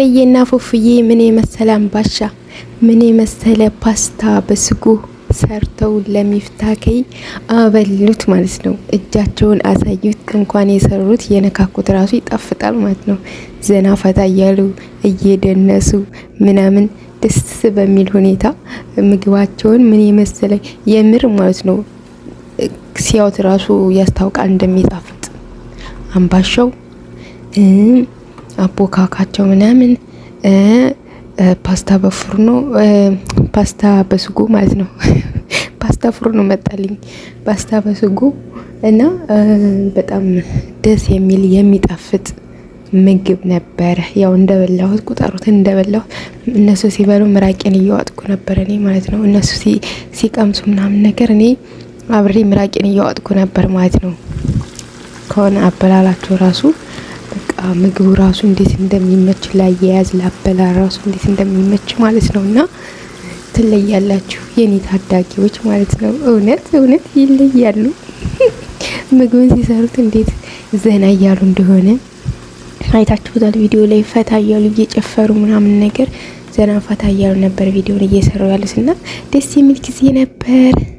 ቀይና ፉፍዬ ምን የመሰለ አምባሻ ምን የመሰለ ፓስታ በስጎ ሰርተው ለሚፍታከይ አበሉት ማለት ነው። እጃቸውን አሳዩት። እንኳን የሰሩት የነካኩት ራሱ ይጣፍጣል ማለት ነው። ዘና ፈታ እያሉ እየደነሱ ምናምን ደስ በሚል ሁኔታ ምግባቸውን ምን የመሰለ የምር ማለት ነው። ሲያዩት ራሱ ያስታውቃል እንደሚጣፍጥ አምባሻው አቦካካቸው ምናምን ፓስታ በፍርኖ ፓስታ በስጎ ማለት ነው። ፓስታ ፍርኖ መጣልኝ። ፓስታ በስጎ እና በጣም ደስ የሚል የሚጣፍጥ ምግብ ነበረ። ያው እንደበላሁት ቁጠሩት እንደበላሁት እነሱ ሲበሉ ምራቄን እየዋጥኩ ነበር እኔ ማለት ነው። እነሱ ሲቀምሱ ምናምን ነገር እኔ አብሬ ምራቄን እየዋጥኩ ነበር ማለት ነው። ከሆነ አበላላቸው ራሱ ምግቡ ራሱ እንዴት እንደሚመች ላያያዝ ላበላ ራሱ እንዴት እንደሚመች ማለት ነው። እና ትለያላችሁ የኔ ታዳጊዎች ማለት ነው። እውነት እውነት ይለያሉ። ምግብን ሲሰሩት እንዴት ዘና እያሉ እንደሆነ አይታችሁታል። ቪዲዮ ላይ ፈታ እያሉ እየጨፈሩ ምናምን ነገር ዘና ፈታ እያሉ ነበር ቪዲዮን እየሰሩ ያሉት እና ደስ የሚል ጊዜ ነበር።